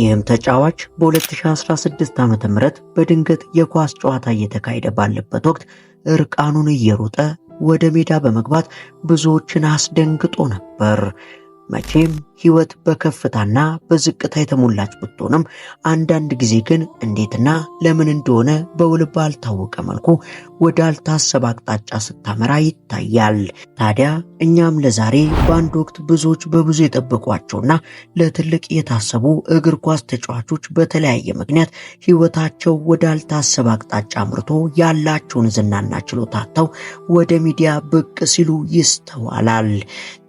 ይህም ተጫዋች በ2016 ዓ ም በድንገት የኳስ ጨዋታ እየተካሄደ ባለበት ወቅት እርቃኑን እየሮጠ ወደ ሜዳ በመግባት ብዙዎችን አስደንግጦ ነበር። መቼም ህይወት በከፍታና በዝቅታ የተሞላች ብትሆንም አንዳንድ ጊዜ ግን እንዴትና ለምን እንደሆነ በውል ባልታወቀ መልኩ ወደ አልታሰበ አቅጣጫ ስታመራ ይታያል። ታዲያ እኛም ለዛሬ በአንድ ወቅት ብዙዎች በብዙ የጠበቋቸውና ለትልቅ የታሰቡ እግር ኳስ ተጫዋቾች በተለያየ ምክንያት ህይወታቸው ወደ አልታሰበ አቅጣጫ አምርቶ ያላቸውን ዝናና ችሎታ አጥተው ወደ ሚዲያ ብቅ ሲሉ ይስተዋላል።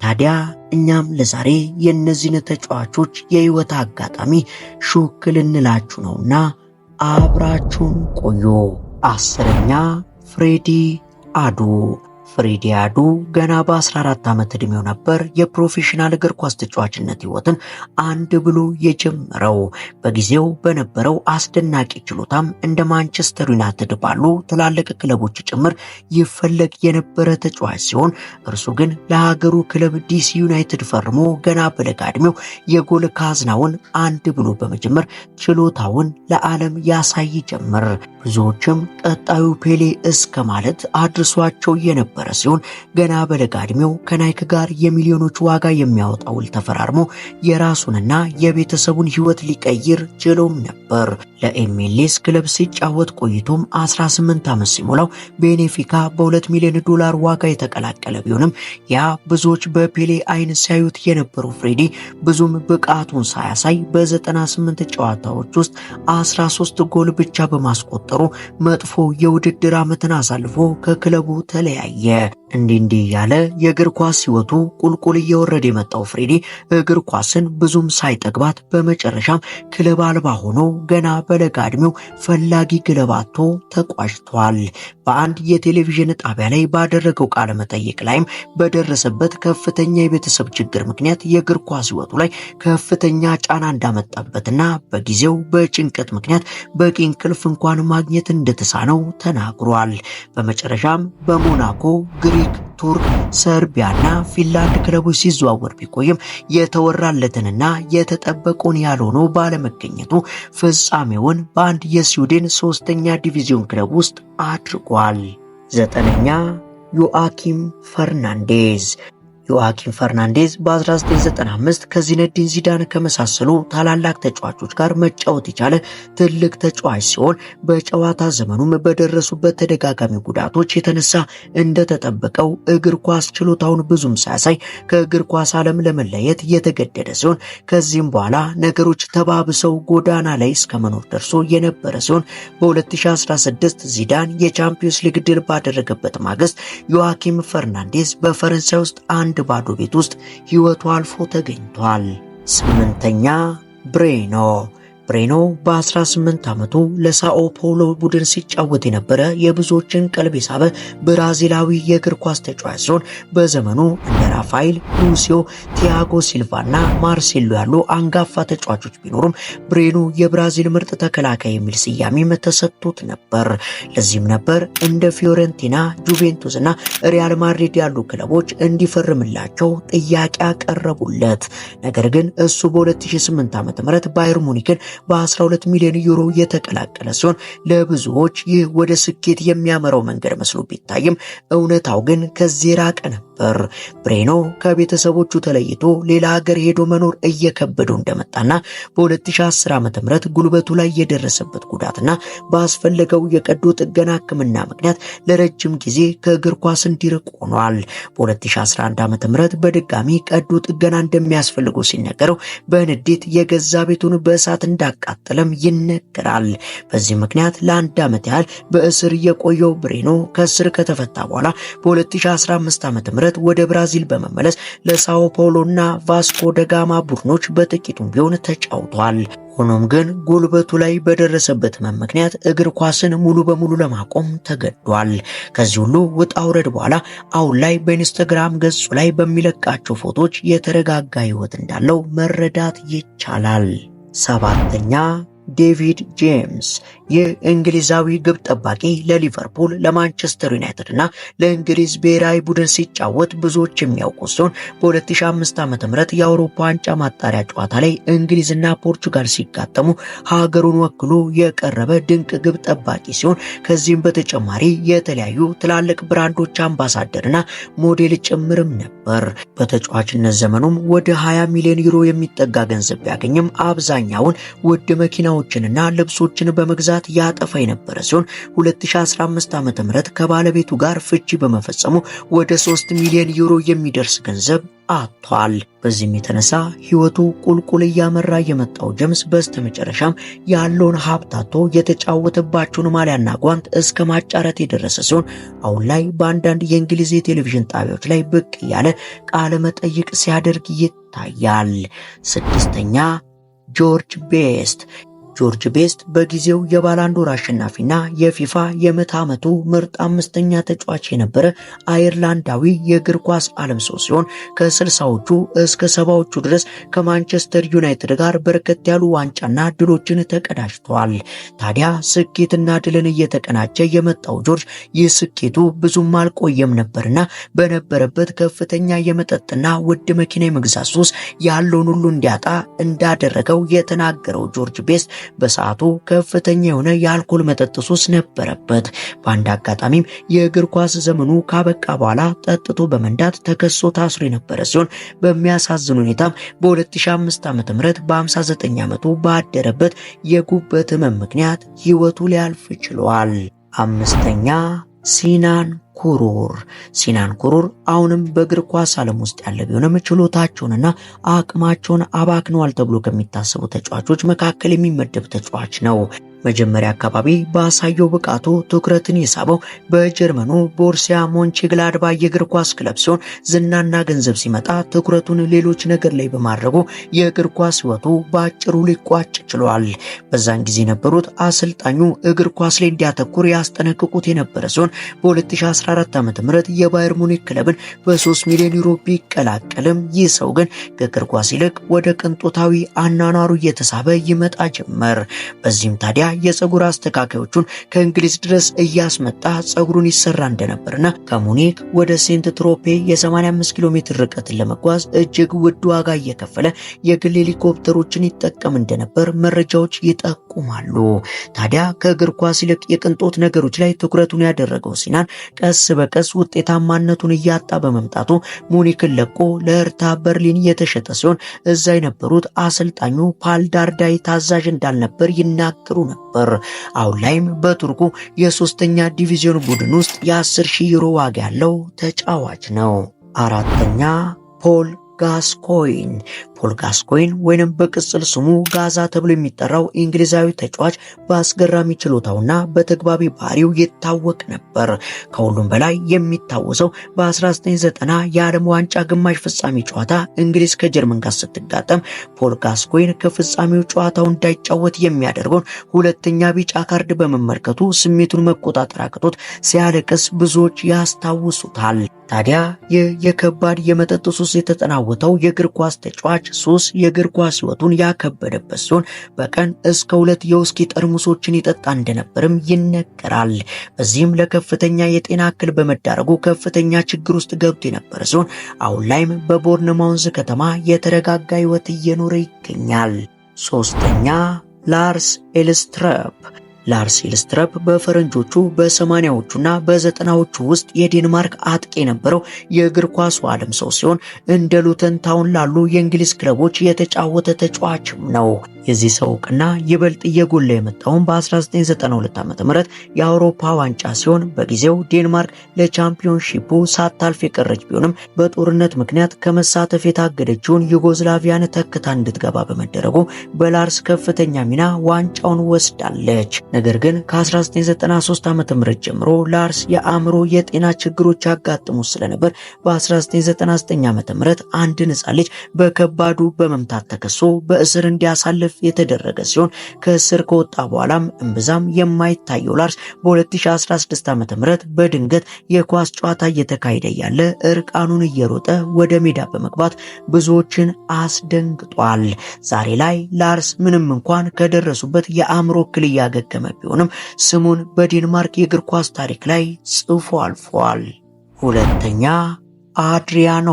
ታዲያ እኛም ለዛሬ የእነዚህን ተጫዋቾች የሕይወት አጋጣሚ ሹክ ልንላችሁ ነውና አብራችሁን ቆዩ። አስረኛ ፍሬዲ አዱ ፍሬዲያዱ ገና በ14 ዓመት ዕድሜው ነበር የፕሮፌሽናል እግር ኳስ ተጫዋችነት ህይወትን አንድ ብሎ የጀመረው። በጊዜው በነበረው አስደናቂ ችሎታም እንደ ማንቸስተር ዩናይትድ ባሉ ትላልቅ ክለቦች ጭምር ይፈለግ የነበረ ተጫዋች ሲሆን እርሱ ግን ለሀገሩ ክለብ ዲሲ ዩናይትድ ፈርሞ ገና በለጋ ዕድሜው የጎል ካዝናውን አንድ ብሎ በመጀመር ችሎታውን ለዓለም ያሳይ ጀምር ብዙዎችም ቀጣዩ ፔሌ እስከ ማለት አድርሷቸው የነበ የነበረ ሲሆን ገና በለጋ ዕድሜው ከናይክ ጋር የሚሊዮኖች ዋጋ የሚያወጣ ውል ተፈራርሞ የራሱንና የቤተሰቡን ሕይወት ሊቀይር ችሎም ነበር። ለኤምኤልኤስ ክለብ ሲጫወት ቆይቶም 18 ዓመት ሲሞላው ቤኔፊካ በ2 ሚሊዮን ዶላር ዋጋ የተቀላቀለ ቢሆንም ያ ብዙዎች በፔሌ አይን ሲያዩት የነበረው ፍሬዲ ብዙም ብቃቱን ሳያሳይ በ98 ጨዋታዎች ውስጥ 13 ጎል ብቻ በማስቆጠሩ መጥፎ የውድድር ዓመትን አሳልፎ ከክለቡ ተለያየ። እንዲህ እንዲህ እያለ የእግር ኳስ ሕይወቱ ቁልቁል እየወረደ የመጣው ፍሬዲ እግር ኳስን ብዙም ሳይጠግባት በመጨረሻም ክለብ አልባ ሆኖ ገና በለጋ ዕድሜው ፈላጊ ክለብ አጥቶ ተቋጭቷል። በአንድ የቴሌቪዥን ጣቢያ ላይ ባደረገው ቃለ መጠይቅ ላይም በደረሰበት ከፍተኛ የቤተሰብ ችግር ምክንያት የእግር ኳስ ህይወቱ ላይ ከፍተኛ ጫና እንዳመጣበትና በጊዜው በጭንቀት ምክንያት በቂ እንቅልፍ እንኳን ማግኘት እንደተሳነው ተናግሯል። በመጨረሻም በሞናኮ ግሪክ ቱርክ፣ ሰርቢያና ፊንላንድ ክለቦች ሲዘዋወር ቢቆይም የተወራለትንና የተጠበቀውን ያልሆኑ ባለመገኘቱ ፍጻሜውን በአንድ የስዊድን ሶስተኛ ዲቪዚዮን ክለብ ውስጥ አድርጓል። ዘጠነኛ ዮአኪም ፈርናንዴዝ ዮአኪም ፈርናንዴዝ በ1995 ከዚነዲን ዚዳን ከመሳሰሉ ታላላቅ ተጫዋቾች ጋር መጫወት የቻለ ትልቅ ተጫዋች ሲሆን በጨዋታ ዘመኑም በደረሱበት ተደጋጋሚ ጉዳቶች የተነሳ እንደተጠበቀው እግር ኳስ ችሎታውን ብዙም ሳያሳይ ከእግር ኳስ ዓለም ለመለየት የተገደደ ሲሆን ከዚህም በኋላ ነገሮች ተባብሰው ጎዳና ላይ እስከ መኖር ደርሶ የነበረ ሲሆን በ2016 ዚዳን የቻምፒዮንስ ሊግ ድል ባደረገበት ማግስት ዮአኪም ፈርናንዴዝ በፈረንሳይ ውስጥ አንድ አንድ ባዶ ቤት ውስጥ ሕይወቱ አልፎ ተገኝቷል። ስምንተኛ ብሬኖ ብሬኖ በ18 ዓመቱ ለሳኦ ፖሎ ቡድን ሲጫወት የነበረ የብዙዎችን ቀልብ የሳበ ብራዚላዊ የእግር ኳስ ተጫዋች ሲሆን በዘመኑ እንደ ራፋኤል ሉሲዮ፣ ቲያጎ ሲልቫ እና ማርሴሎ ያሉ አንጋፋ ተጫዋቾች ቢኖሩም ብሬኖ የብራዚል ምርጥ ተከላካይ የሚል ስያሜ ተሰጥቶት ነበር። ለዚህም ነበር እንደ ፊዮረንቲና፣ ጁቬንቱስ እና ሪያል ማድሪድ ያሉ ክለቦች እንዲፈርምላቸው ጥያቄ አቀረቡለት። ነገር ግን እሱ በ2008 ዓ.ም ባየር ሙኒክን በ12 ሚሊዮን ዩሮ የተቀላቀለ ሲሆን ለብዙዎች ይህ ወደ ስኬት የሚያመራው መንገድ መስሎ ቢታይም እውነታው ግን ከዚህ ራቀ ነበር። ነበር። ብሬኖ ከቤተሰቦቹ ተለይቶ ሌላ ሀገር ሄዶ መኖር እየከበደው እንደመጣና በ2010 ም ጉልበቱ ላይ የደረሰበት ጉዳትና ባስፈለገው የቀዶ ጥገና ሕክምና ምክንያት ለረጅም ጊዜ ከእግር ኳስ እንዲርቅ ሆኗል። በ2011 ም በድጋሚ ቀዶ ጥገና እንደሚያስፈልገው ሲነገረው በንዴት የገዛ ቤቱን በእሳት እንዳቃጠለም ይነገራል። በዚህ ምክንያት ለአንድ ዓመት ያህል በእስር የቆየው ብሬኖ ከእስር ከተፈታ በኋላ በ2015 ም ወደ ብራዚል በመመለስ ለሳኦ እና ቫስኮ ደጋማ ቡድኖች በጥቂቱም ቢሆን ተጫውቷል። ሆኖም ግን ጉልበቱ ላይ በደረሰበት ሕመም ምክንያት እግር ኳስን ሙሉ በሙሉ ለማቆም ተገዷል። ከዚህ ሁሉ ውጣ ውረድ በኋላ አሁን ላይ በኢንስታግራም ገጹ ላይ በሚለቃቸው ፎቶዎች የተረጋጋ ህይወት እንዳለው መረዳት ይቻላል። ሰባተኛ ዴቪድ ጄምስ የእንግሊዛዊ ግብ ጠባቂ ለሊቨርፑል ለማንቸስተር ዩናይትድ እና ለእንግሊዝ ብሔራዊ ቡድን ሲጫወት ብዙዎች የሚያውቁ ሲሆን በ2005 ዓ.ም የአውሮፓ ዋንጫ ማጣሪያ ጨዋታ ላይ እንግሊዝና ፖርቹጋል ሲጋጠሙ ሀገሩን ወክሎ የቀረበ ድንቅ ግብ ጠባቂ ሲሆን ከዚህም በተጨማሪ የተለያዩ ትላልቅ ብራንዶች አምባሳደርና ሞዴል ጭምርም ነበር። በተጫዋችነት ዘመኑም ወደ 20 ሚሊዮን ዩሮ የሚጠጋ ገንዘብ ቢያገኝም አብዛኛውን ውድ መኪናዎችንና ልብሶችን በመግዛት ጥቃት ያጠፋ የነበረ ሲሆን 2015 ም ከባለቤቱ ጋር ፍቺ በመፈጸሙ ወደ 3 ሚሊዮን ዩሮ የሚደርስ ገንዘብ አጥቷል። በዚህም የተነሳ ህይወቱ ቁልቁል እያመራ የመጣው ጀምስ በስተመጨረሻም ያለውን ሀብት አጥቶ የተጫወተባቸውን ማሊያና ጓንት እስከ ማጫረት የደረሰ ሲሆን አሁን ላይ በአንዳንድ የእንግሊዝ የቴሌቪዥን ጣቢያዎች ላይ ብቅ እያለ ቃለ መጠይቅ ሲያደርግ ይታያል። ስድስተኛ ጆርጅ ቤስት ጆርጅ ቤስት በጊዜው የባላንዶር አሸናፊና የፊፋ የምዕተ ዓመቱ ምርጥ አምስተኛ ተጫዋች የነበረ አየርላንዳዊ የእግር ኳስ ዓለም ሰው ሲሆን ከስልሳዎቹ እስከ ሰባዎቹ ድረስ ከማንቸስተር ዩናይትድ ጋር በርከት ያሉ ዋንጫና ድሎችን ተቀዳጅተዋል። ታዲያ ስኬትና ድልን እየተቀናጀ የመጣው ጆርጅ ይህ ስኬቱ ብዙም አልቆየም ነበርና በነበረበት ከፍተኛ የመጠጥና ውድ መኪና የመግዛት ሱስ ያለውን ሁሉ እንዲያጣ እንዳደረገው የተናገረው ጆርጅ ቤስት በሰዓቱ ከፍተኛ የሆነ የአልኮል መጠጥ ሱስ ነበረበት። በአንድ አጋጣሚም የእግር ኳስ ዘመኑ ካበቃ በኋላ ጠጥቶ በመንዳት ተከሶ ታስሮ የነበረ ሲሆን በሚያሳዝን ሁኔታም በ2005 ም በ59 ዓመቱ ባደረበት የጉበት ህመም ምክንያት ህይወቱ ሊያልፍ ችሏል። አምስተኛ ሲናን ኩሩር ሲናን ኩሩር አሁንም በእግር ኳስ ዓለም ውስጥ ያለ ቢሆንም ችሎታቸውንና አቅማቸውን አባክነዋል ተብሎ ከሚታሰቡ ተጫዋቾች መካከል የሚመደብ ተጫዋች ነው። መጀመሪያ አካባቢ በአሳየው ብቃቱ ትኩረትን የሳበው በጀርመኑ ቦርሲያ ሞንቼግላድባ የእግር ኳስ ክለብ ሲሆን ዝናና ገንዘብ ሲመጣ ትኩረቱን ሌሎች ነገር ላይ በማድረጉ የእግር ኳስ ሕይወቱ በአጭሩ ሊቋጭ ችሏል። በዛን ጊዜ የነበሩት አሰልጣኙ እግር ኳስ ላይ እንዲያተኩር ያስጠነቅቁት የነበረ ሲሆን በ2014 ዓ ም የባየር ሙኒክ ክለብን በ3 ሚሊዮን ዩሮ ቢቀላቀልም ይህ ሰው ግን ከእግር ኳስ ይልቅ ወደ ቅንጦታዊ አናኗሩ እየተሳበ ይመጣ ጀመር። በዚህም ታዲያ የፀጉር አስተካካዮቹን ከእንግሊዝ ድረስ እያስመጣ ፀጉሩን ይሰራ እንደነበርና ከሙኒክ ወደ ሴንት ትሮፔ የ85 ኪሎ ሜትር ርቀትን ለመጓዝ እጅግ ውድ ዋጋ እየከፈለ የግል ሄሊኮፕተሮችን ይጠቀም እንደነበር መረጃዎች ይጠቁማሉ። ታዲያ ከእግር ኳስ ይልቅ የቅንጦት ነገሮች ላይ ትኩረቱን ያደረገው ሲናን ቀስ በቀስ ውጤታማነቱን እያጣ በመምጣቱ ሙኒክን ለቆ ለእርታ በርሊን የተሸጠ ሲሆን እዛ የነበሩት አሰልጣኙ ፓልዳርዳይ ታዛዥ እንዳልነበር ይናገሩ ነበር። ነበር። አሁን ላይም በቱርኩ የሶስተኛ ዲቪዚዮን ቡድን ውስጥ የ10 ሺህ ዩሮ ዋጋ ያለው ተጫዋች ነው። አራተኛ ፖል ጋስኮይን ፖል ጋስኮይን ወይንም በቅጽል ስሙ ጋዛ ተብሎ የሚጠራው እንግሊዛዊ ተጫዋች በአስገራሚ ችሎታውና በተግባቢ ባህሪው ይታወቅ ነበር። ከሁሉም በላይ የሚታወሰው በ1990 የዓለም ዋንጫ ግማሽ ፍጻሜ ጨዋታ እንግሊዝ ከጀርመን ጋር ስትጋጠም ፖል ጋስኮይን ከፍጻሜው ጨዋታው እንዳይጫወት የሚያደርገውን ሁለተኛ ቢጫ ካርድ በመመልከቱ ስሜቱን መቆጣጠር አቅቶት ሲያለቅስ ብዙዎች ያስታውሱታል። ታዲያ ይህ የከባድ የመጠጥ ሱስ የተጠናወተው የእግር ኳስ ተጫዋች ሶስት የእግር ኳስ ህይወቱን ያከበደበት ሲሆን በቀን እስከ ሁለት የውስኪ ጠርሙሶችን ይጠጣ እንደነበርም ይነገራል። በዚህም ለከፍተኛ የጤና እክል በመዳረጉ ከፍተኛ ችግር ውስጥ ገብቶ የነበረ ሲሆን አሁን ላይም በቦርንማውንዝ ከተማ የተረጋጋ ህይወት እየኖረ ይገኛል። ሶስተኛ ላርስ ኤልስትረፕ ላርስ ኢልስትረፕ በፈረንጆቹ በሰማንያዎቹና በዘጠናዎቹ ውስጥ የዴንማርክ አጥቂ የነበረው የእግር ኳሱ ዓለም ሰው ሲሆን እንደ ሉተን ታውን ላሉ የእንግሊዝ ክለቦች የተጫወተ ተጫዋችም ነው። የዚህ ሰው እውቅና ይበልጥ እየጎላ የመጣውን በ1992 ዓ.ም የአውሮፓ ዋንጫ ሲሆን በጊዜው ዴንማርክ ለቻምፒዮንሺፑ ሳታልፍ የቀረች ቢሆንም በጦርነት ምክንያት ከመሳተፍ የታገደችውን ዩጎዝላቪያን ተክታ እንድትገባ በመደረጉ በላርስ ከፍተኛ ሚና ዋንጫውን ወስዳለች። ነገር ግን ከ1993 ዓ.ም ጀምሮ ላርስ የአእምሮ የጤና ችግሮች ያጋጥሙ ስለነበር በ1999 ዓ.ም አንድ ሕፃን ልጅ በከባዱ በመምታት ተከሶ በእስር እንዲያሳልፍ የተደረገ ሲሆን ከእስር ከወጣ በኋላም እምብዛም የማይታየው ላርስ በ2016 ዓ ም በድንገት የኳስ ጨዋታ እየተካሄደ ያለ እርቃኑን እየሮጠ ወደ ሜዳ በመግባት ብዙዎችን አስደንግጧል። ዛሬ ላይ ላርስ ምንም እንኳን ከደረሱበት የአእምሮ እክል እያገገመ ቢሆንም ስሙን በዴንማርክ የእግር ኳስ ታሪክ ላይ ጽፎ አልፏል። ሁለተኛ አድሪያኖ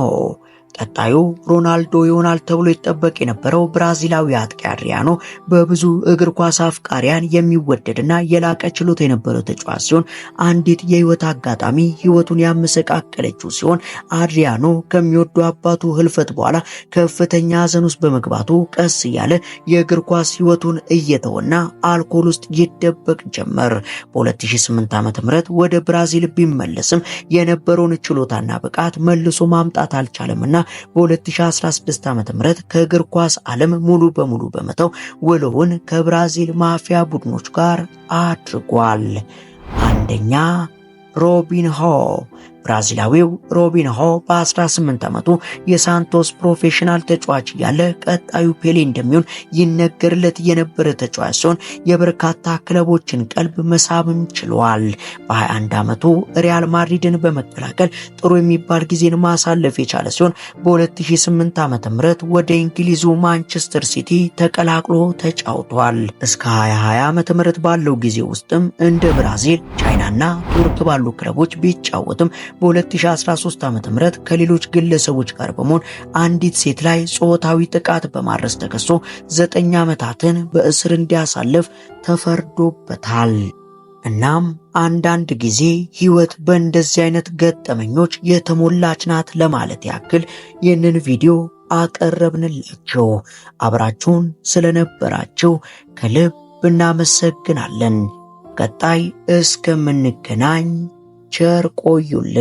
ቀጣዩ ሮናልዶ ይሆናል ተብሎ ይጠበቅ የነበረው ብራዚላዊ አጥቂ አድሪያኖ በብዙ እግር ኳስ አፍቃሪያን የሚወደድና የላቀ ችሎታ የነበረው ተጫዋች ሲሆን አንዲት የህይወት አጋጣሚ ህይወቱን ያመሰቃቀለችው ሲሆን አድሪያኖ ከሚወዱ አባቱ ህልፈት በኋላ ከፍተኛ ሐዘን ውስጥ በመግባቱ ቀስ እያለ የእግር ኳስ ህይወቱን እየተወና አልኮል ውስጥ ይደበቅ ጀመር። በ2008 ም ወደ ብራዚል ቢመለስም የነበረውን ችሎታና ብቃት መልሶ ማምጣት አልቻለምና በ2016 ም ከእግር ኳስ ዓለም ሙሉ በሙሉ በመተው ውሎውን ከብራዚል ማፊያ ቡድኖች ጋር አድርጓል። አንደኛ ሮቢንሆ ብራዚላዊው ሮቢንሆ በ18 ዓመቱ የሳንቶስ ፕሮፌሽናል ተጫዋች እያለ ቀጣዩ ፔሌ እንደሚሆን ይነገርለት የነበረ ተጫዋች ሲሆን የበርካታ ክለቦችን ቀልብ መሳብም ችሏል። በ21 ዓመቱ ሪያል ማድሪድን በመቀላቀል ጥሩ የሚባል ጊዜን ማሳለፍ የቻለ ሲሆን በ2008 ም ወደ እንግሊዙ ማንቸስተር ሲቲ ተቀላቅሎ ተጫውቷል። እስከ 2020 ዓ.ም ባለው ጊዜ ውስጥም እንደ ብራዚል፣ ቻይናና ቱርክ ባሉ ክለቦች ቢጫወትም በ2013 ዓ ም ከሌሎች ግለሰቦች ጋር በመሆን አንዲት ሴት ላይ ጾታዊ ጥቃት በማድረስ ተከሶ ዘጠኝ ዓመታትን በእስር እንዲያሳልፍ ተፈርዶበታል። እናም አንዳንድ ጊዜ ህይወት በእንደዚህ አይነት ገጠመኞች የተሞላች ናት ለማለት ያክል ይህንን ቪዲዮ አቀረብንላችሁ። አብራችሁን ስለነበራችሁ ከልብ እናመሰግናለን። ቀጣይ እስከምንገናኝ ቸር ቆዩልን።